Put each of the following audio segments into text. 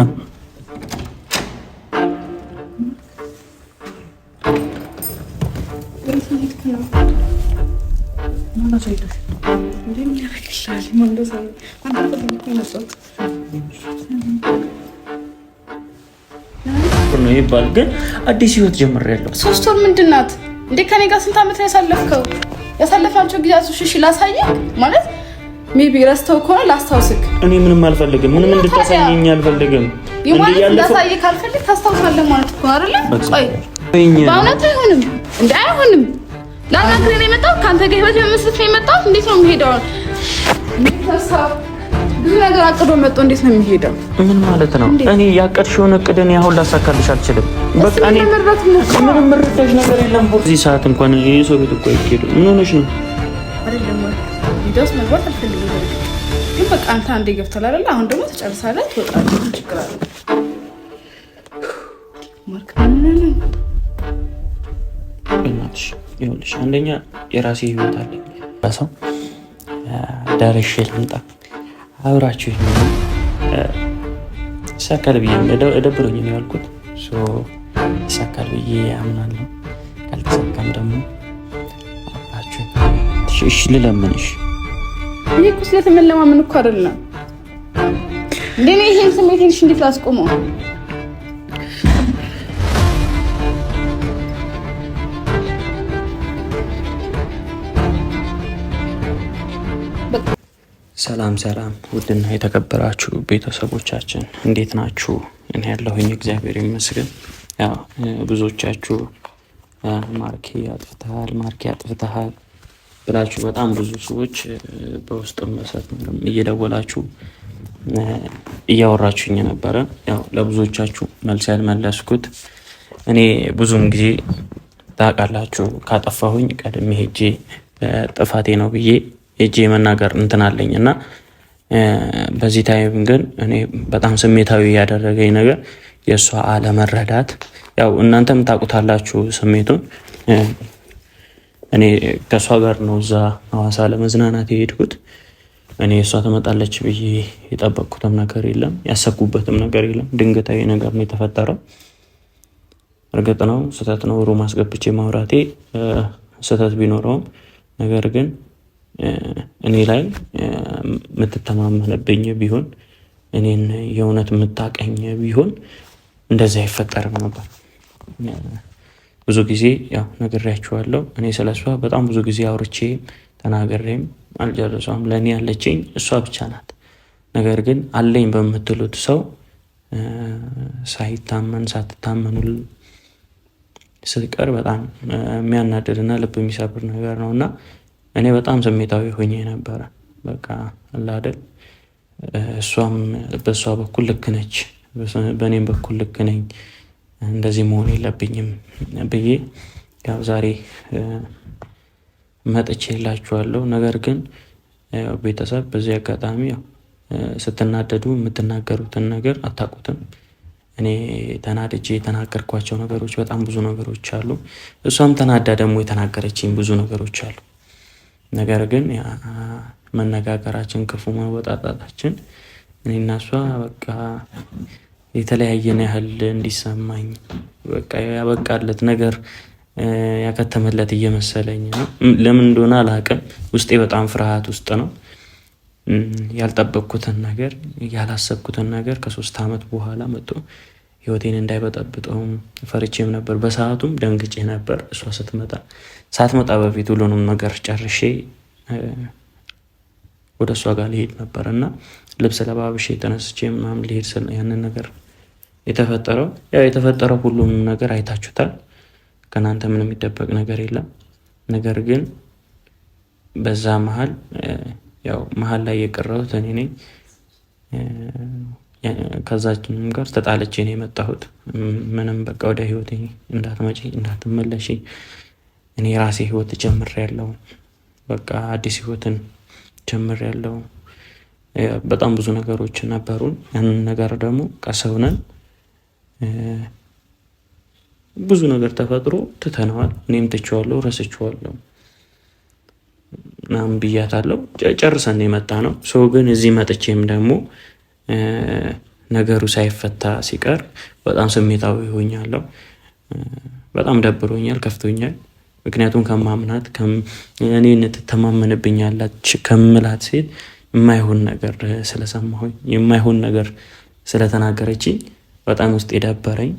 ነው ይባል ግን አዲስ ህይወት ጀምሬያለሁ። ሶስት ወር ምንድን ናት እንዴ? ከኔ ጋር ስንት ዓመት ነው ያሳለፍከው? ያሳለፋቸው ጊዜ ሽሽ ላሳየ ማለት ሜቢ ረስተው ከሆነ ላስታውስክ። እኔ ምንም አልፈልግም፣ ምንም እንድታሳየኝ አልፈልግም። እንዳሳየህ ካልፈልግ ታስታውሳለህ ማለት እኮ አይደለ? ቆይ በእውነት አይሆንም፣ እንደ አይሆንም። ላናግርህ ነው የመጣሁት፣ ከአንተ ጋር ህይወት ነው የመጣሁት። እንዴት ነው የምሄደው? ብዙ ነገር አቅዶ መጥቶ እንዴት ነው የሚሄደው? ምን ማለት ነው? እኔ ያቀድሽውን እቅድ እኔ ላሳካልሽ አልችልም። በቃ እኔ ምንም ነገር የለም። ሰዓት እንኳን የሰው ቤት እኮ ምን ሆነሽ ነው? አይደለም መግባት አልፈልግም ግን በቃ አንተ አንዴ ገብተሃል አይደል? አሁን ደግሞ ተጨርሳለህ ትወጣለህ። ችግር አለ ማርክ እናትሽ ይኸውልሽ፣ አንደኛ የራሴ ህይወት አለኝ። በሰው ዳርሽ ልምጣ አብራችሁ ይሳካል ብዬ እደብሮኝ ነው ያልኩት። ይሳካል ብዬ አምናለሁ። ካልተሳካም ደግሞ አብራችሁ ልለምንሽ ይህ እኮ ስለተመለማመን እኮ አይደለም። ለኔ ይሄን ስሜት ልሽ እንዴት ላስቆመው? ሰላም ሰላም፣ ውድና የተከበራችሁ ቤተሰቦቻችን እንዴት ናችሁ? እኔ ያለሁኝ እግዚአብሔር ይመስገን። ያው ብዙዎቻችሁ ማርኬ አጥፍተሃል፣ ማርኬ አጥፍተሃል ብላችሁ በጣም ብዙ ሰዎች በውስጥ መሰት እየደወላችሁ እያወራችሁኝ ነበረ። ያው ለብዙዎቻችሁ መልስ ያልመለስኩት እኔ ብዙም ጊዜ ታውቃላችሁ፣ ካጠፋሁኝ ቀድሜ ሄጄ ጥፋቴ ነው ብዬ ሄጄ መናገር እንትናለኝ እና በዚህ ታይም ግን እኔ በጣም ስሜታዊ ያደረገኝ ነገር የእሷ አለመረዳት፣ ያው እናንተም ታውቁታላችሁ ስሜቱን እኔ ከእሷ ጋር ነው እዛ ሐዋሳ ለመዝናናት የሄድኩት። እኔ እሷ ትመጣለች ብዬ የጠበቅኩትም ነገር የለም፣ ያሰብኩበትም ነገር የለም። ድንገታዊ ነገር ነው የተፈጠረው። እርግጥ ነው ስህተት ነው ሩም አስገብቼ ማውራቴ ስህተት ቢኖረውም፣ ነገር ግን እኔ ላይ የምትተማመንብኝ ቢሆን እኔን የእውነት የምታቀኝ ቢሆን እንደዚህ አይፈጠርም ነበር። ብዙ ጊዜ ያው ነግሬያችኋለሁ። እኔ ስለሷ በጣም ብዙ ጊዜ አውርቼ ተናገሬም አልጨርሷም። ለእኔ ያለችኝ እሷ ብቻ ናት። ነገር ግን አለኝ በምትሉት ሰው ሳይታመን ሳትታመኑ ስትቀር በጣም የሚያናድድና ልብ የሚሰብር ነገር ነው እና እኔ በጣም ስሜታዊ ሆኜ ነበረ። በቃ አላደል እሷም በእሷ በኩል ልክ ነች፣ በእኔም በኩል ልክ ነኝ እንደዚህ መሆን የለብኝም ብዬ ያው ዛሬ መጥቼ ላችኋለሁ። ነገር ግን ቤተሰብ በዚህ አጋጣሚ ስትናደዱ የምትናገሩትን ነገር አታውቁትም። እኔ ተናድጄ የተናገርኳቸው ነገሮች በጣም ብዙ ነገሮች አሉ። እሷም ተናዳ ደግሞ የተናገረችኝ ብዙ ነገሮች አሉ። ነገር ግን መነጋገራችን ክፉ መወጣጣታችን እኔ እሷ በቃ የተለያየን ያህል እንዲሰማኝ በቃ ያበቃለት ነገር ያከተመለት እየመሰለኝ ነው። ለምን እንደሆነ አላቅም። ውስጤ በጣም ፍርሃት ውስጥ ነው። ያልጠበቅኩትን ነገር ያላሰብኩትን ነገር ከሶስት ዓመት በኋላ መጥቶ ህይወቴን እንዳይበጠብጠውም ፈርቼም ነበር። በሰዓቱም ደንግጬ ነበር። እሷ ስትመጣ ሳትመጣ በፊት ሁሉንም ነገር ጨርሼ ወደ እሷ ጋር ሊሄድ ነበር እና ልብስ ለባብሼ ተነስቼ ምናምን ሊሄድ ያንን ነገር የተፈጠረው። ያው የተፈጠረው ሁሉም ነገር አይታችሁታል። ከእናንተ ምንም የሚደበቅ ነገር የለም። ነገር ግን በዛ መሀል ያው መሀል ላይ የቀረሁት እኔ ነኝ። ከዛችንም ጋር ተጣለች ነው የመጣሁት። ምንም በቃ ወደ ህይወቴ እንዳትመጪ እንዳትመለሽ፣ እኔ ራሴ ህይወት ጀምር ያለው በቃ አዲስ ህይወትን ጀምር ያለው በጣም ብዙ ነገሮች ነበሩን። ያንን ነገር ደግሞ ቀስ ብለን ብዙ ነገር ተፈጥሮ ትተነዋል። እኔም ትቼዋለሁ፣ ረስቼዋለሁ ምናምን ብያታለሁ። ጨርሰን የመጣ ነው ሰው ግን እዚህ መጥቼም ደግሞ ነገሩ ሳይፈታ ሲቀር በጣም ስሜታዊ ሆኛለሁ። በጣም ደብሮኛል፣ ከፍቶኛል። ምክንያቱም ከማምናት እኔን ትተማመንብኛላች ከምላት ሴት የማይሆን ነገር ስለሰማሁኝ የማይሆን ነገር ስለተናገረችኝ በጣም ውስጥ የዳበረኝ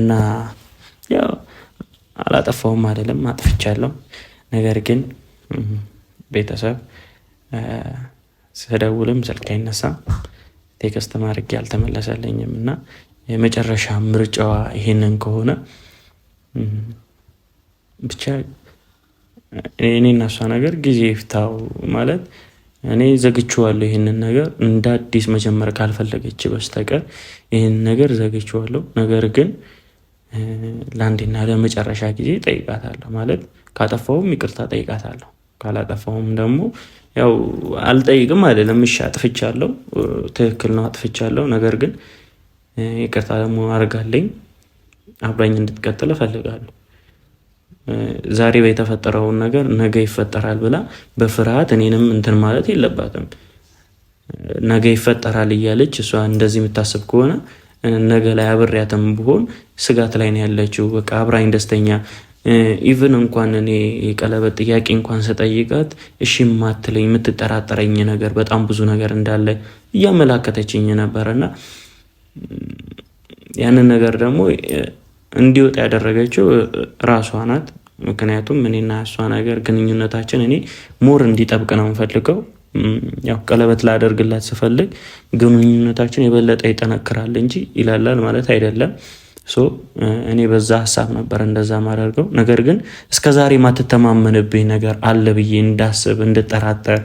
እና ያው አላጠፋውም አይደለም፣ አጥፍቻለሁ። ነገር ግን ቤተሰብ ስደውልም ስልክ አይነሳም፣ ቴክስት ማድረግ አልተመለሰልኝም እና የመጨረሻ ምርጫዋ ይሄንን ከሆነ ብቻ እኔ እና እሷ ነገር ጊዜ ይፍታው ማለት እኔ ዘግችዋለሁ ይህንን ነገር እንደ አዲስ መጀመር ካልፈለገች በስተቀር ይህን ነገር ዘግችዋለሁ። ነገር ግን ለአንዴና ለመጨረሻ ጊዜ ጠይቃታለሁ። ማለት ካጠፋውም ይቅርታ ጠይቃታለሁ፣ ካላጠፋውም ደግሞ ያው አልጠይቅም አይደለም። እሺ አጥፍቻለሁ፣ ትክክል ነው አጥፍቻለሁ። ነገር ግን ይቅርታ ደግሞ አርጋለኝ አብራኝ እንድትቀጥል እፈልጋለሁ። ዛሬ የተፈጠረውን ነገር ነገ ይፈጠራል ብላ በፍርሃት እኔንም እንትን ማለት የለባትም። ነገ ይፈጠራል እያለች እሷ እንደዚህ የምታስብ ከሆነ ነገ ላይ አብሬያትም ብሆን ስጋት ላይ ነው ያለችው። በቃ አብራኝ ደስተኛ ኢቭን እንኳን እኔ የቀለበት ጥያቄ እንኳን ስጠይቃት እሺ የማትለኝ የምትጠራጠረኝ ነገር በጣም ብዙ ነገር እንዳለ እያመላከተችኝ እና ያንን ነገር ደግሞ እንዲወጣ ያደረገችው ራሷ ናት። ምክንያቱም እኔና እሷ ነገር ግንኙነታችን እኔ ሞር እንዲጠብቅ ነው የምፈልገው። ያው ቀለበት ላደርግላት ስፈልግ ግንኙነታችን የበለጠ ይጠነክራል እንጂ ይላላል ማለት አይደለም። ሶ እኔ በዛ ሀሳብ ነበር እንደዛ ማደርገው። ነገር ግን እስከ ዛሬ ማትተማመንብኝ ነገር አለ ብዬ እንዳስብ እንድጠራጠር፣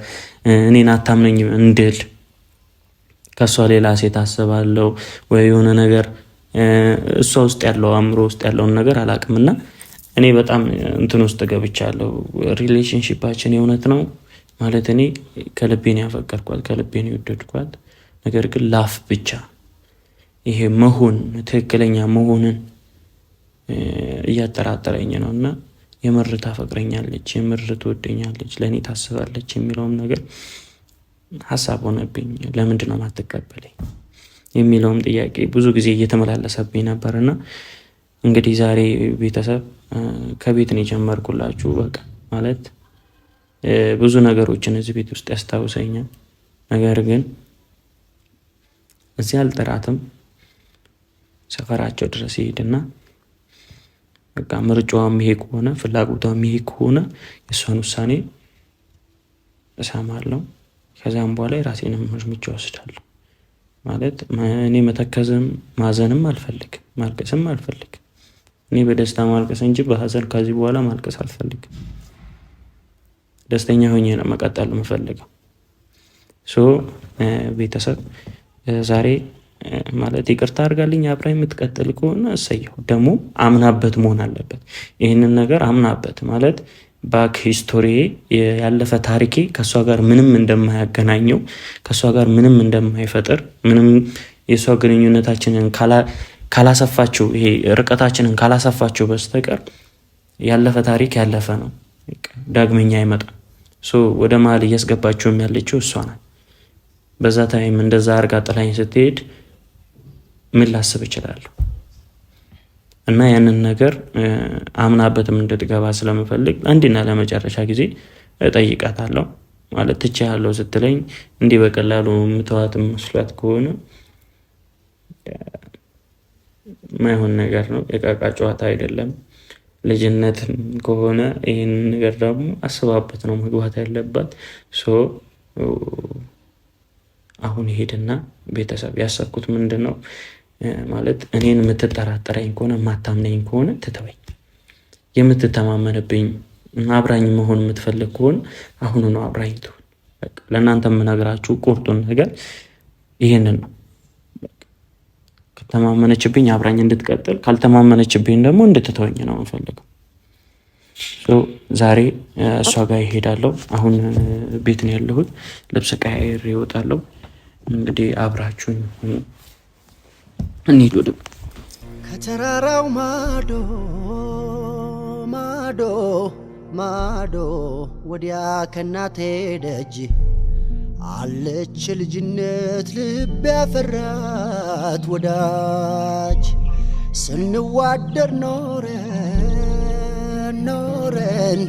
እኔን አታምነኝም እንድል ከእሷ ሌላ ሴት አስባለው ወይ የሆነ ነገር እሷ ውስጥ ያለው አእምሮ ውስጥ ያለውን ነገር አላውቅም እና እኔ በጣም እንትን ውስጥ ገብቻለሁ። ሪሌሽንሽፓችን የእውነት ነው ማለት እኔ ከልቤን ያፈቀርኳት ከልቤን የወደድኳት፣ ነገር ግን ላፍ ብቻ ይሄ መሆን ትክክለኛ መሆንን እያጠራጠረኝ ነው እና የምር ታፈቅረኛለች፣ የምር ትወደኛለች፣ ለእኔ ታስባለች የሚለውም ነገር ሀሳብ ሆነብኝ። ለምንድን ነው ማትቀበለኝ? የሚለውም ጥያቄ ብዙ ጊዜ እየተመላለሰብኝ ነበር እና እንግዲህ ዛሬ ቤተሰብ ከቤት ነው የጀመርኩላችሁ። በቃ ማለት ብዙ ነገሮችን እዚህ ቤት ውስጥ ያስታውሰኛል። ነገር ግን እዚህ አልጠራትም ሰፈራቸው ድረስ ይሄድና በቃ ምርጫዋ ይሄ ከሆነ ፍላጎቷም ይሄ ከሆነ የእሷን ውሳኔ እሰማለሁ። ከዛም በኋላ የራሴንም እርምጃ ወስዳለሁ። ማለት እኔ መተከዝም ማዘንም አልፈልግ ማልቀስም አልፈልግ እኔ በደስታ ማልቀስ እንጂ በሀዘን ከዚህ በኋላ ማልቀስ አልፈልግ ደስተኛ ሆኜ ነው መቀጠል የምፈልገው። ሶ ቤተሰብ ዛሬ ማለት ይቅርታ አድርጋልኝ አብራ የምትቀጥል ከሆነ እሰየው። ደግሞ አምናበት መሆን አለበት። ይህንን ነገር አምናበት ማለት ባክ ሂስቶሪ ያለፈ ታሪኬ ከእሷ ጋር ምንም እንደማያገናኘው ከእሷ ጋር ምንም እንደማይፈጥር ምንም የእሷ ግንኙነታችንን ካላሰፋችው ይሄ ርቀታችንን ካላሰፋችው በስተቀር ያለፈ ታሪክ ያለፈ ነው፣ ዳግመኛ አይመጣም። ወደ መሀል እያስገባችውም ያለችው እሷ ናት። በዛ ታይም እንደዛ አርጋ ጥላኝ ስትሄድ ምን ላስብ እችላለሁ? እና ያንን ነገር አምናበትም እንድትገባ ስለምፈልግ አንድና ለመጨረሻ ጊዜ እጠይቃታለሁ። ማለት ያለው ስትለኝ እንዲህ በቀላሉ ምትዋት መስሏት ከሆነ ማይሆን ነገር ነው። የቃቃ ጨዋታ አይደለም። ልጅነት ከሆነ ይህን ነገር ደግሞ አስባበት ነው መግባት ያለባት። አሁን ሄድና ቤተሰብ ያሰብኩት ምንድን ነው ማለት እኔን የምትጠራጠረኝ ከሆነ የማታምነኝ ከሆነ ትተወኝ። የምትተማመንብኝ አብራኝ መሆን የምትፈልግ ከሆነ አሁኑ ነው አብራኝ ትሆን። ለእናንተ የምነግራችሁ ቁርጡን ነገር ይህን ነው። ከተማመነችብኝ አብራኝ እንድትቀጥል፣ ካልተማመነችብኝ ደግሞ እንድትተወኝ ነው የምፈልገው። ዛሬ እሷ ጋር ይሄዳለሁ። አሁን ቤት ነው ያለሁት። ልብስ ቀያየር ይወጣለሁ። እንግዲህ አብራችሁኝ እንሂድ ወደ ከተራራው ማዶ ማዶ ማዶ ወዲያ ከናቴ ደጅ አለች ልጅነት ልብ ያፈራት ወዳጅ ስንዋደር ኖረን ኖረን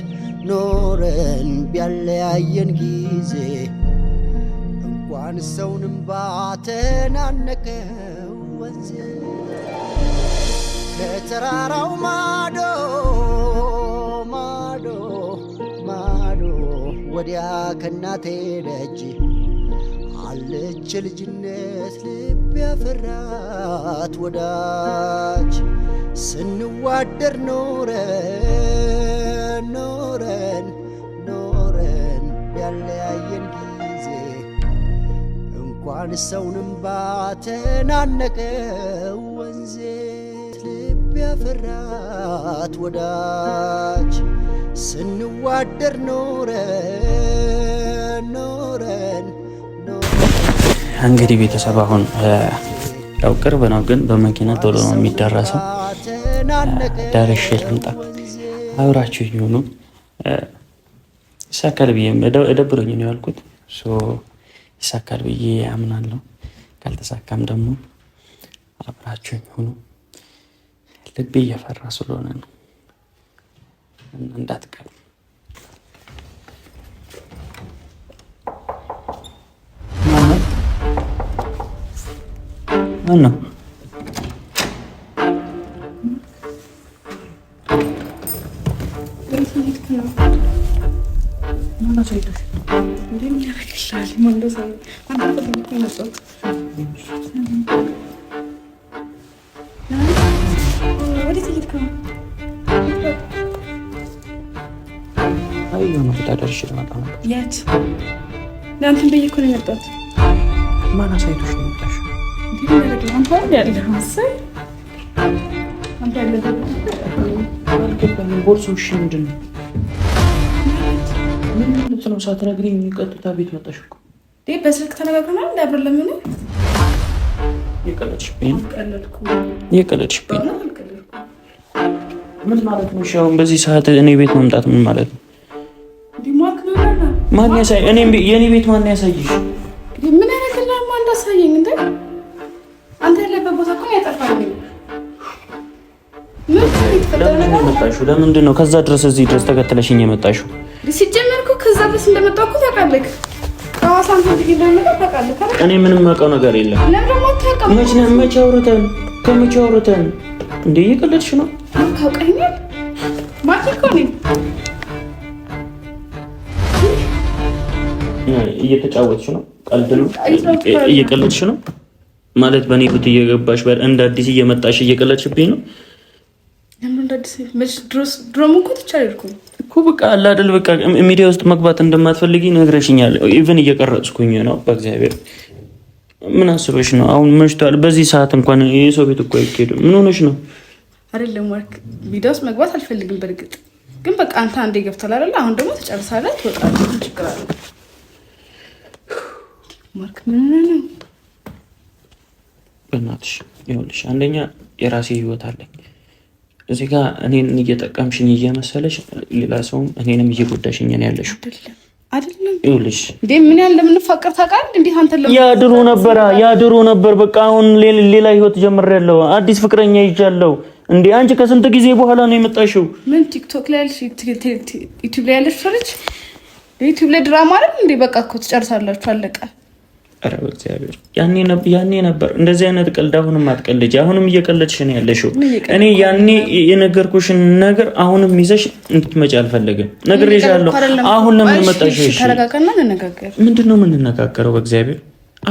ኖረን ቢያለያየን ጊዜ እንኳን ሰውንም ባተናነቀው ወንዝ ከተራራው ማዶ ማዶ ማዶ ወዲያ ከናቴ ደጅ አለች ልጅነት ልብ ያፈራት ወዳጅ ስንዋደር ኖረ ኖረ ሰውንም ባተናነቀው ወንዜ ልብ ያፈራት ወዳጅ ስንዋደር ኖረን ኖረን እንግዲህ ቤተሰብ አሁን ያው ቅርብ ነው፣ ግን በመኪና ቶሎ ነው የሚደረሰው። ደርሼ ልምጣ። አብራችሁ ይሁኑ። ሰከል ብዬ እደብረኝ ነው ያልኩት። ይሳካል ብዬ አምናለሁ። ካልተሳካም ደግሞ አብራችሁ የሚሆኑ ልቤ እየፈራ ስለሆነ ነው እንዳትቀር ነው። መጠጣት ማን አሳይቶሽ ነው የመጣሽ? ቦርሶሽ ምንድን ነው? ምን ልብስ ነው ሳትነግሪኝ ቀጥታ ቤት መጣሽ እኮ? በስልክ ተነጋግረናል። እንዳብር ለምን የቀለድሽብኝ ምን ማለት ነው? በዚህ ሰዓት እኔ ቤት መምጣት ምን ማለት ነው? ማን ያሳይ? እኔ የኔ ቤት ማን ያሳይሽ? አሳየኝ እንዴ! አንተ ያለበት ቦታ እኮ ያጠፋኝ። ለምንድን ነው ከዛ ድረስ እዚህ ድረስ ተከትለሽኝ የመጣሽው? ሲጀመርኩ ከዛ ድረስ እንደመጣሁ እኮ ታውቃለህ። እኔ ምንም የማውቀው ነገር የለም። መቼ አውርተን ከመቼ አውርተን እንደ እየቀለድሽ ነው እየተጫወትሽ ነው? ቀልድ ነው? እየቀለድሽ ነው ማለት በእኔ ፊት እየገባሽ በር እንደ አዲስ እየመጣሽ እየቀለድሽብኝ ነው? ድሮም እኮ እኮ በቃ አለ አይደል፣ በቃ ሚዲያ ውስጥ መግባት እንደማትፈልጊ ነግረሽኛል። ኢቨን እየቀረጽኩኝ ነው። በእግዚአብሔር ምን አስበሽ ነው? አሁን መሽቷል። በዚህ ሰዓት እንኳን የሰው ቤት እኮ አይሄድም። ምን ሆነሽ ነው? አይደለም ማርክ፣ ሚዲያ ውስጥ መግባት አልፈልግም። በእርግጥ ግን በቃ አንተ አንዴ ገብተሃል አይደል? አሁን ደግሞ ተጨርሳለህ፣ ትወጣለህ። ችግር አለ ማርክ ምን ነው በእናትሽ ይኸውልሽ፣ አንደኛ የራሴ ህይወት አለኝ። እዚህ ጋር እኔን እየጠቀምሽኝ እየመሰለሽ ሌላ ሰውም እኔንም እየጎዳሽኝ ነው ያለሽው። ይኸውልሽ ምን ያህል እንደምንፋቀር ታውቃለህ። እንዴት አንተ ያ ድሮ ነበረ ያ ድሮ ነበር። በቃ አሁን ሌላ ህይወት ጀምሬያለሁ። አዲስ ፍቅረኛ ይዣለሁ። እንዴ አንቺ ከስንት ጊዜ በኋላ ነው የመጣሽው? ምን ቲክቶክ ላይ ያለሽ ዩቲዩብ ላይ ያለሽ ሰለች ዩቲዩብ ላይ ድራማ አይደል እንዴ? በቃ እኮ ትጨርሳላችሁ፣ አለቀ። ኧረ በእግዚአብሔር ያኔ ነበር እንደዚህ አይነት ቀልድ አሁንም አትቀልጅ። አሁንም እየቀለድሽ ነው ያለሽው። እኔ ያኔ የነገርኩሽን ነገር አሁንም ይዘሽ እንድትመጪ አልፈለግም። ነግሬሻለሁ። አሁን ለምን መጣሽ? ምንድን ነው የምንነጋገረው? በእግዚአብሔር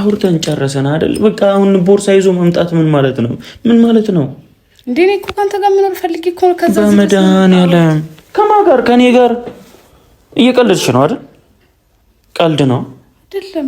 አውርተን ጨረሰን አይደል? በቃ አሁን ቦርሳ ይዞ መምጣት ምን ማለት ነው? ምን ማለት ነው? እንዴኔ እኮ ከአንተ ጋር ምኖር ፈልጌ እኮ ከዛ በመድኃኒዓለም ከማን ጋር? ከእኔ ጋር እየቀለድሽ ነው አይደል? ቀልድ ነው አይደለም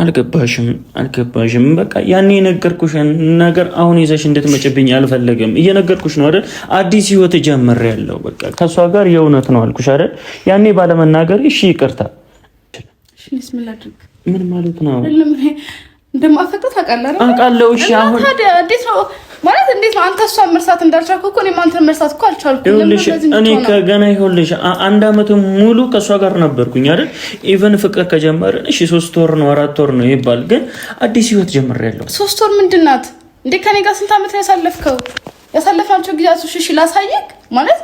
አልገባሽም አልገባሽም። በቃ ያኔ የነገርኩሽን ነገር አሁን ይዘሽ እንድትመጭብኝ አልፈለግም። እየነገርኩሽ ነው አይደል? አዲስ ህይወት ጀምር ያለው በቃ ከእሷ ጋር የእውነት ነው አልኩሽ አይደል? ያኔ ባለመናገር እሺ፣ ይቅርታ። ምን ማለት ነው? እንደማፈጠት አውቃለሁ። ማለት እንዴት ነው አንተ እሷን መርሳት እንዳልቻልኩ እኮ እኔም አንተን መርሳት እኮ አልቻልኩም። እኔ ከገና ይኸውልሽ አንድ አመት ሙሉ ከእሷ ጋር ነበርኩኝ አይደል? ኢቨን ፍቅር ከጀመርን እሺ ሶስት ወር ነው አራት ወር ነው ይባል፣ ግን አዲስ ህይወት ጀምሬያለሁ። ሶስት ወር ምንድን ናት እንዴ? ከኔ ጋር ስንት አመት ነው ያሳለፍከው? ያሳለፋቸው ጊዜያቶች እሺ ላሳየክ ማለት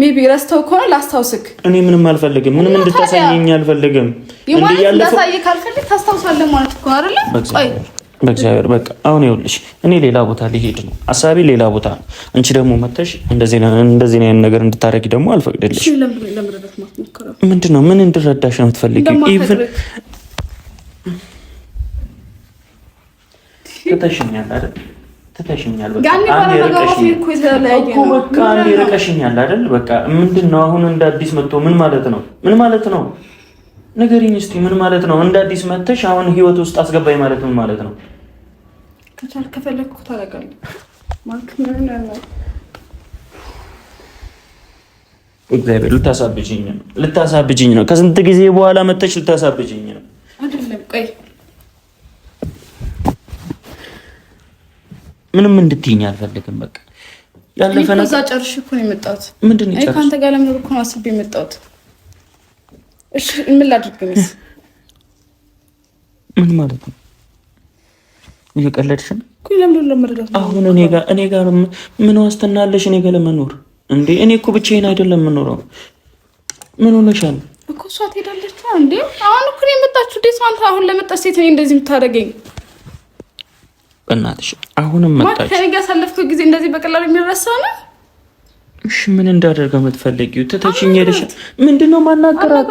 ሜቢ ረስተው ከሆነ ላስታውስክ። እኔ ምንም አልፈልግም፣ ምንም እንድታሳየኝ አልፈልግም። እንዳሳየክ አልፈልግ ታስታውሳለህ ማለት እኮ አይደለ? ቆይ በእግዚአብሔር በቃ አሁን ይኸውልሽ፣ እኔ ሌላ ቦታ ሊሄድ ነው፣ አሳቢ ሌላ ቦታ ነው። አንቺ ደግሞ መተሽ እንደዚህ አይነት ነገር እንድታደረግ ደግሞ አልፈቅድልሽ። ምንድን ነው ምን እንድረዳሽ ነው የምትፈልጊው? ትተሽኛል አይደል? ትተሽኛል አይደል? በቃ ምንድን ነው አሁን እንደ አዲስ መጥቶ ምን ማለት ነው? ምን ማለት ነው? ንገሪኝ እስኪ ምን ማለት ነው? እንደ አዲስ መተሽ አሁን ህይወት ውስጥ አስገባኝ ማለት ምን ማለት ነው? ከቻልክ ከፈለግኩ ታደርጋለህ። እግዚአብሔር ልታሳብጅኝ ነው፣ ልታሳብጅኝ ነው። ከስንት ጊዜ በኋላ መተሽ ልታሳብጅኝ ነው። አይደለም ቆይ ምንም እንድትይኝ አልፈልግም። በቃ ያለፈ ነገር ጨርሽ እኮ ነው የመጣሁት። ምንድን ነው ከአንተ ጋር ለምን እኮ ነው አስቤ የመጣሁት እሺ ምን ላድርግ? ምን ማለት ነው? እየቀለድሽ ነው? አሁን እኔ ጋር እኔ ጋር ምን ዋስትና አለሽ? እኔ ጋር ለመኖር እንዴ? እኔ እኮ ብቻዬን አይደለም የምኖረው። ምን ሆነሻል እኮ? እሷ ትሄዳለች እንዴ? አሁን እኮ ነው የመጣችሁ። ደስ አንተ አሁን ለመጣች ሴት እኔ እንደዚህ የምታደርገኝ በእናትሽ። አሁንም መጣች ከእኔ ጋር ያሳለፍከው ጊዜ እንደዚህ በቀላሉ የሚረሳ ነው? እሺ ምን እንዳደርገው የምትፈልጊው? ትተሽኝ ሄደሽ ምንድን ነው ማናገራት?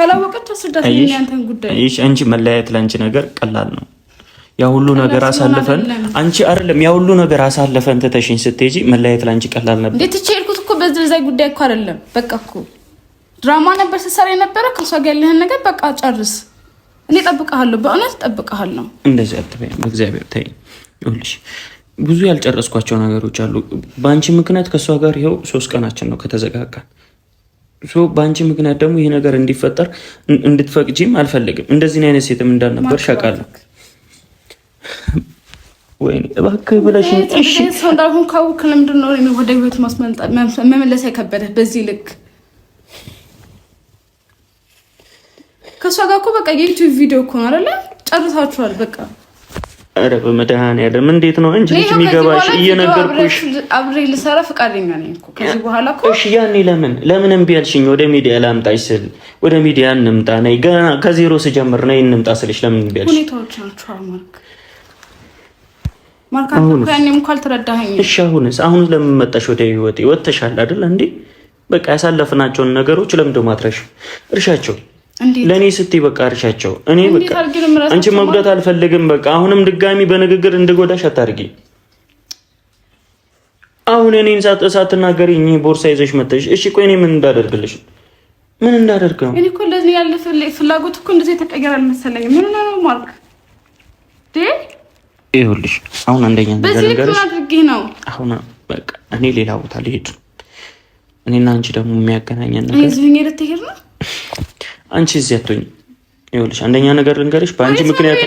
ካላወቀች አስረዳት። አንቺ መለያየት ለአንቺ ነገር ቀላል ነው። ያ ሁሉ ነገር አሳልፈን አንቺ አይደለም ያ ሁሉ ነገር አሳልፈን ትተሽኝ ስትሄጂ መለያየት ለአንቺ ቀላል ነበር። እንዴት ትቼ ሄድኩት እኮ በዚህ በዛ ጉዳይ እኮ አይደለም። በቃ እኮ ድራማ ነበር ስትሰራ የነበረ። ከሷ ጋር ያለህን ነገር በቃ ጨርስ። እኔ እጠብቅሃለሁ፣ በእውነት እጠብቅሃለሁ። እንደዚህ አትበይም። በእግዚአብሔር ተይኝ። ይኸውልሽ ብዙ ያልጨረስኳቸው ነገሮች አሉ። በአንቺ ምክንያት ከእሷ ጋር ይኸው ሶስት ቀናችን ነው ከተዘጋጋን። በአንቺ ምክንያት ደግሞ ይሄ ነገር እንዲፈጠር እንድትፈቅጂም አልፈልግም። እንደዚህን አይነት ሴትም እንዳልነበር ሻቃለ ወይኔ እባክህ ብለሽ እሺ ሰው እንዳልሆን ካወክ ለምንድን ወደ ህይወት መመለስ የከበደ በዚህ ልክ ከእሷ ጋር እኮ በቃ የዩቱብ ቪዲዮ እኮ ነው አይደለ? ጨርሳችኋል በቃ ኧረ በመድኃኒዓለም እንዴት ነው እንጂ ልጅ የሚገባሽ? እየነገርኩሽ አብሬ ልሰራ ፈቃደኛ ነኝ እኮ ከዚህ በኋላ እኮ። እሺ ያኔ ለምን ለምን እምቢ አልሽኝ? ወደ ሚዲያ ላምጣሽ ስል ወደ ሚዲያ እንምጣ፣ ነይ ገና ከዜሮ ስጀምር ነይ እንምጣ ስልሽ ለምን እምቢ አልሽኝ? ሁኔታዎች ናቸው ማርክ። ማርክ ያኔም እኮ አልተረዳኸኝም። እሺ አሁንስ አሁን ለምን መጣሽ ወደ ህይወቴ? ወጥተሻል አይደል እንዴ? በቃ ያሳለፍናቸውን ነገሮች ለምን ደሞ እርሻቸው ለእኔ ስትይ በቃ እርሻቸው እኔ በቃ አንቺ መጉዳት አልፈልግም። በቃ አሁንም ድጋሚ በንግግር እንድጎዳሽ አታድርጊ። አሁን እኔን ሳትናገሪ እኚህ ቦርሳ ይዘሽ መተሽ፣ እሺ ቆይ እኔ ምን እንዳደርግልሽ ምን እንዳደርግ ነው? እኔ እኮ እንደዚህ ያለ ፍላጎት እኮ እንደዚህ ተቀየረ አልመሰለኝ። ምን ነው ማርክ ዴ አሁን አንደኛ ነገር ነገር ነው። አሁን በቃ እኔ ሌላ ቦታ ልሄድ፣ እኔና አንቺ ደግሞ የሚያገናኘን ነገር እዚህ ነው። አንቺ እዚህ አትሆኝም። ይኸውልሽ አንደኛ ነገር ልንገርሽ፣ በአንቺ ምክንያት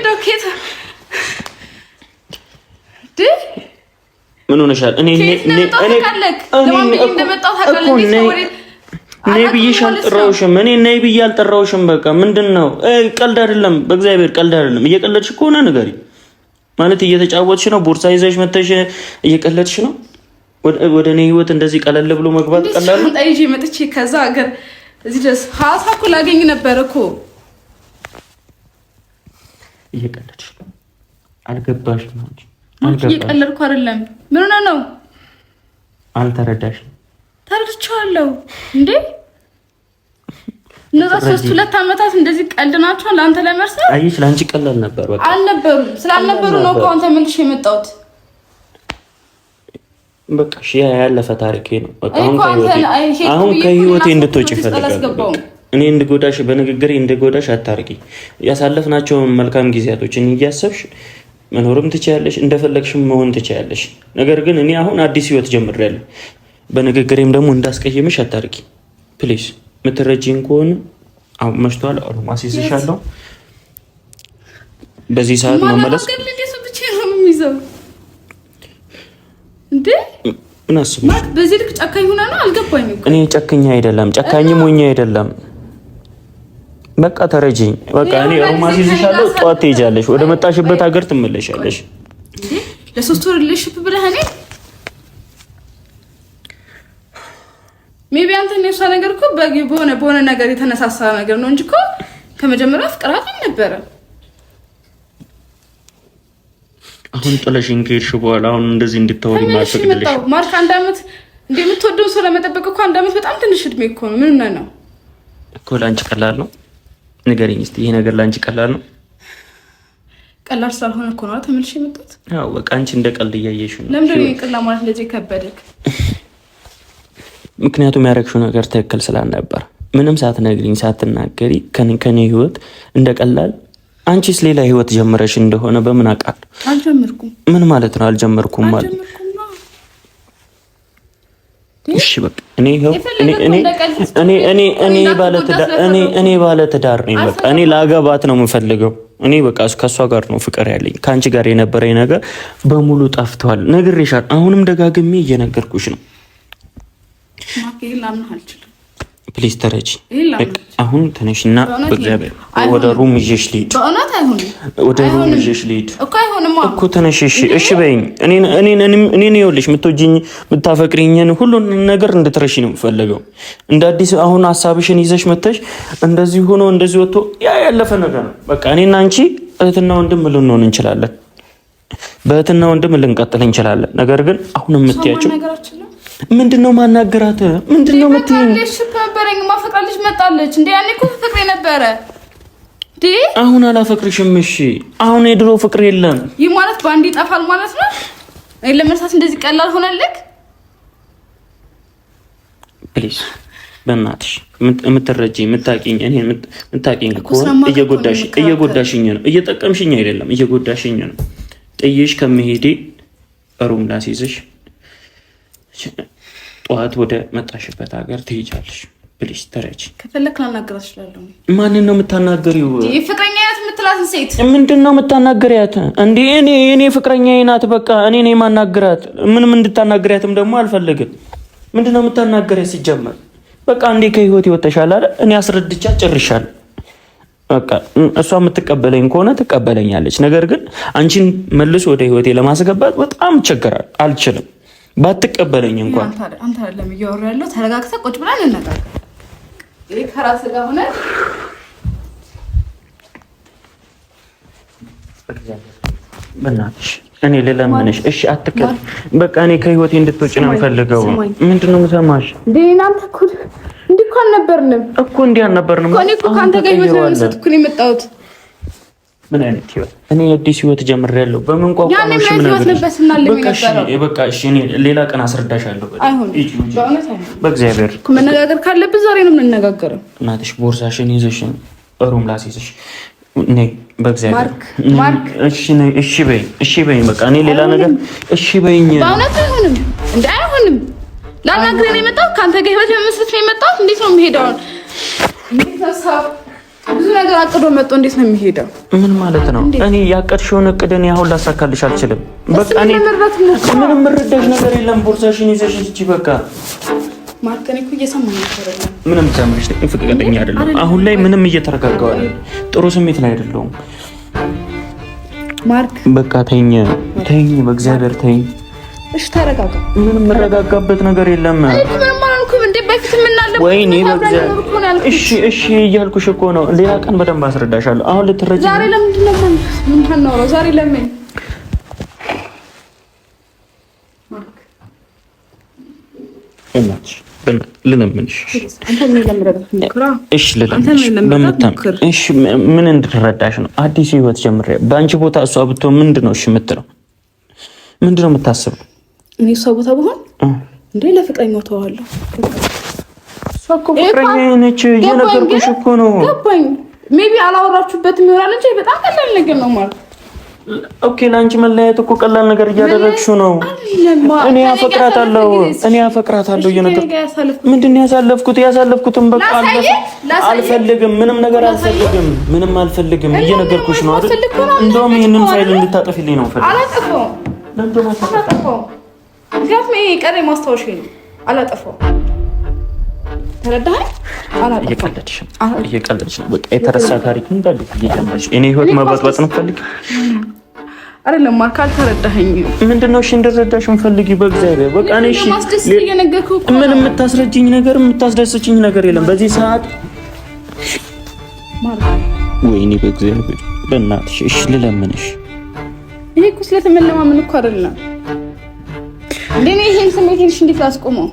ምን ሆነሻል? እኔ ብዬሽ አልጠራሁሽም። እኔ ነይ ብዬ አልጠራሁሽም። በቃ ምንድን ነው? ቀልድ አይደለም፣ በእግዚአብሔር ቀልድ አይደለም። እየቀለድሽ ከሆነ ንገሪኝ። ማለት እየተጫወትሽ ነው፣ ቦርሳ ይዘሽ መተሽ እየቀለድሽ ነው። ወደ እኔ ህይወት እንደዚህ ቀለል ብሎ መግባት ቀላል ነው። እዚህ ድረስ ሐዋሳ እኮ ላገኝ ነበር እኮ። እየቀለድሽ አልገባሽ እንጂ እየቀለድኩ አይደለም። ምን ሆነ ነው አልተረዳሽም? ተረድቼዋለሁ እንዴ እነዛ ሶስት ሁለት ዓመታት እንደዚህ ቀልድ ናቸውን ለአንተ ለመርሰ አየሽ፣ ለአንቺ ቀላል ነበር አልነበሩም። ስላልነበሩ ነው እኮ አንተ መልሽ የመጣሁት በቃ እሺ፣ ያለፈ ታሪኬ ነው። አሁን ከህይወቴ እንድትወጪ እፈልጋለሁ። እኔ እንድጎዳሽ በንግግሬ እንድጎዳሽ አታርቂ። ያሳለፍናቸውን መልካም ጊዜያቶችን እያሰብሽ መኖርም ትችያለሽ፣ እንደፈለግሽም መሆን ትችያለሽ። ነገር ግን እኔ አሁን አዲስ ህይወት ጀምሬያለሁ። በንግግሬም ደግሞ እንዳስቀየምሽ አታርቂ ፕሊዝ። የምትረጂኝ ከሆነ መሽቷል፣ አሁን አስይዝሻለሁ። በዚህ ሰዓት መመለስ ምን አስበሽ በዚህ ልክ ጨካኝ ሆና ነው? አልገባኝም። እኔ ጨካኝ አይደለም፣ ጨካኝ ሞኝ አይደለም። በቃ ተረጅኝ። በቃ እኔ ሮማ ሲይዝሻለሁ፣ ጠዋት ትሄጃለሽ፣ ወደ መጣሽበት ሀገር ትመለሻለሽ። ለሶስት ወር ሪሌሽንሺፕ ብለህ እኔ ሜቢ አንተ ነው ነገር እኮ በሆነ በሆነ ነገር የተነሳሳ ነገር ነው እንጂ እኮ ከመጀመሪያው ፍቅራት አልነበረም። አሁን ጥለሽኝ ከሄድሽ በኋላ አሁን እንደዚህ እንድታወሪ ማልፈቅድልሽ። ማርክ አንድ አመት እንደምትወደው ሰው ለመጠበቅ እኮ አንድ አመት በጣም ትንሽ እድሜ እኮ ነው። ምን ነው እኮ ለአንቺ ቀላል ነው? ንገሪኝ እስኪ ይሄ ነገር ለአንቺ ቀላል ነው? ቀላል ስላልሆነ እኮ ነው ተመልሼ የመጣሁት። አዎ በቃ አንቺ እንደ ቀልድ እያየሽ ነው። ለምንድን ነው ማለት እንደዚህ ከበደክ? ምክንያቱም ያደረግሽው ነገር ትክክል ስላልነበር ምንም ሳትነግሪኝ ሳትናገሪ ከኔ ህይወት እንደ ቀላል አንቺስ ሌላ ህይወት ጀምረሽ እንደሆነ በምን አውቃለሁ? አልጀመርኩም። ምን ማለት ነው አልጀመርኩም ማለት? እሺ በቃ እኔ እኔ እኔ እኔ እኔ ባለ ትዳር እኔ እኔ ነኝ። በቃ እኔ ላገባት ነው የምፈልገው። እኔ በቃ ከእሷ ጋር ነው ፍቅር ያለኝ። ከአንቺ ጋር የነበረኝ ነገር በሙሉ ጠፍተዋል። ነግሬሻል። አሁንም ደጋግሜ እየነገርኩሽ ነው። ፕሊስ ተረጂ። አሁን ተነሽና ወደ ሩም ይዤሽ ልሂድ። ወደ ሩም ይዤሽ ልሂድ እኮ ተነሽ። እሺ በይኝ። እኔን ይኸውልሽ፣ የምትወጂኝ የምታፈቅሪኝን ሁሉን ነገር እንድትረሺ ነው የምፈለገው። እንደ አዲስ አሁን ሀሳብሽን ይዘሽ መተሽ እንደዚህ ሆኖ እንደዚህ ወጥቶ ያ ያለፈ ነገር ነው። በቃ እኔና አንቺ እህትና ወንድም ልንሆን እንችላለን። በእህትና ወንድም ልንቀጥል እንችላለን። ነገር ግን አሁን የምትያቸው ምንድን ነው ማናገራት? ምንድን ነው ምትበረኝ? ማፈቅራለች መጣለች። እንደ ያኔ እኮ ፍቅሬ ነበረ። አሁን አላፈቅርሽም። እሺ አሁን የድሮ ፍቅር የለም። ይህ ማለት በአንድ ይጠፋል ማለት ነው። ለመርሳት እንደዚህ ቀላል ሆነልክ? ፕሊዝ በእናትሽ የምትረጂ የምታቂኝ እኔ የምታቂኝ ከሆነ እየጎዳሽኝ ነው። እየጠቀምሽኝ አይደለም፣ እየጎዳሽኝ ነው። ጥዬሽ ከመሄዴ ሩም ላስይዝሽ ጠዋት ወደ መጣሽበት ሀገር ትሄጃለሽ። ብልሽ ተረች ከፈለክ ላናገር እችላለሁ። ማንን ነው የምታናገሪው? ፍቅረኛ የምትላትን ሴት ምንድን ነው የምታናገሪያት? እንደ እኔ እኔ ፍቅረኛ ናት። በቃ እኔ ነው የማናገራት። ምንም እንድታናገሪያትም ደግሞ አልፈልግም። ምንድን ነው የምታናገሪያት? ሲጀመር በቃ እንዴ ከህይወት ይወጣሻል አለ። እኔ አስረድቻ ጭርሻል። በቃ እሷ የምትቀበለኝ ከሆነ ትቀበለኛለች። ነገር ግን አንቺን መልሶ ወደ ህይወቴ ለማስገባት በጣም ቸገራል። አልችልም ባትቀበለኝ እንኳን አንተ አይደለም እያወራ ያለው ተረጋግተህ ቁጭ ብለን እንነጋገር። ይህ ከራስህ ጋር ሆነ በእናትሽ እኔ ልለምንሽ፣ እሺ አትከል። በቃ እኔ ከህይወቴ እንድትወጪ ነው የምፈልገው። ምንድን ነው የምሰማሽ? እናንተ እኮ እንዲህ እኮ አልነበርንም እኮ እንዲህ አልነበርንም እኮ እኔ እኮ ከአንተ ጋር ህይወት ነው የመጣሁት ምን አይነት ህይወት? እኔ አዲስ ህይወት ጀምሬያለሁ። በምን ቋንቋ ነው? እሺ ምን በቃ ሌላ ቀን አስረዳሻለሁ። በእግዚአብሔር መነጋገር ካለብን ዛሬ ነው የምንነጋገረው። እናትሽ ቦርሳሽን ይዘሽን ሩም ላስይዝሽ እሺ በይ፣ በቃ እኔ ሌላ ነገር እሺ በይኝ። በእውነት አይሆንም፣ እንደ አይሆንም። ላናግረን የመጣሁት ከአንተ ጋር ህይወት መመስረት ነው የመጣሁት። እንዴት ነው የምሄደውን ብዙ ነገር አቅዶ መጥቶ እንዴት ነው የሚሄደው? ምን ማለት ነው? እኔ ያቀድሽውን እቅድ እኔ አሁን ላሳካልሽ አልችልም። በቃ እኔ ምንም ምርዳሽ ነገር የለም። ቦርሳሽን ይዘሽ ሂጂ በቃ ምንም ሰምሽ ፍቅደኛ አይደለም። አሁን ላይ ምንም እየተረጋጋሁ አይደለም። ጥሩ ስሜት ላይ አይደለሁም። ማርክ በቃ ተኝ ተኝ፣ በእግዚአብሔር ተኝ። እሺ ተረጋጋ። ምንም የምረጋጋበት ነገር የለም። ምንም አልኩም እንዴ በፊት ምን ወይኔ እሺ እሺ እያልኩሽ እኮ ነው። ሌላ ቀን በደንብ አስረዳሻለሁ። አሁን ልትረጂ ዛሬ ለምን ልለምንሽ ምን እንድትረዳሽ ነው? አዲስ ህይወት ጀምሬ በአንቺ ቦታ እሷ ብትሆን ምንድነው? እሺ የምትለው? ምንድነው? ነው የምታስበው? እኔ እሷ ቦታ ብሆን እንዴ ለፍቅረኛው ተዋለሁ እኮ ፍቅረኛ ነች እየነገርኩሽ እኮ ነው። ገባኝ። ሜቢ አላወራችሁበትም ይሆናል እንጂ በጣም ቀላል ነገር ነው ማለት ኦኬ። ለአንቺ መለያየት እኮ ቀላል ነገር እያደረግሽው ነው። እኔ አፈቅራታለሁ፣ እኔ አፈቅራታለሁ እየነገርኩ ምንድን ነው ያሳለፍኩት? ያሳለፍኩትም በቃ አልፈልግም፣ ምንም ነገር አልፈልግም፣ ምንም አልፈልግም እየነገርኩሽ ነው አይደል? እንደውም ይሄንን ፋይል እንድታጠፊልኝ ነው ፈልግ። አላጠፋው፣ ምክንያቱም ይሄ ቀሪ ማስታወሻ ነው። አላጠፋው ተረዳኸኝ? እየቀለድሽ አይደለም ማርክ፣ አልተረዳኸኝ። ምንድን ነው እሺ? እንድረዳሽ ምፈልጊ በእግዚአብሔር በቃ እኔ እሺ፣ ምን የምታስረጅኝ ነገር የምታስደስችኝ ነገር የለም በዚህ ሰዓት። ወይኔ በእግዚአብሔር በእናትሽ፣ እሺ ልለምንሽ። ይሄ እኮ ስለተመለማመን እኮ አይደለም። ይሄን ስሜት እንዴት ላስቆመው?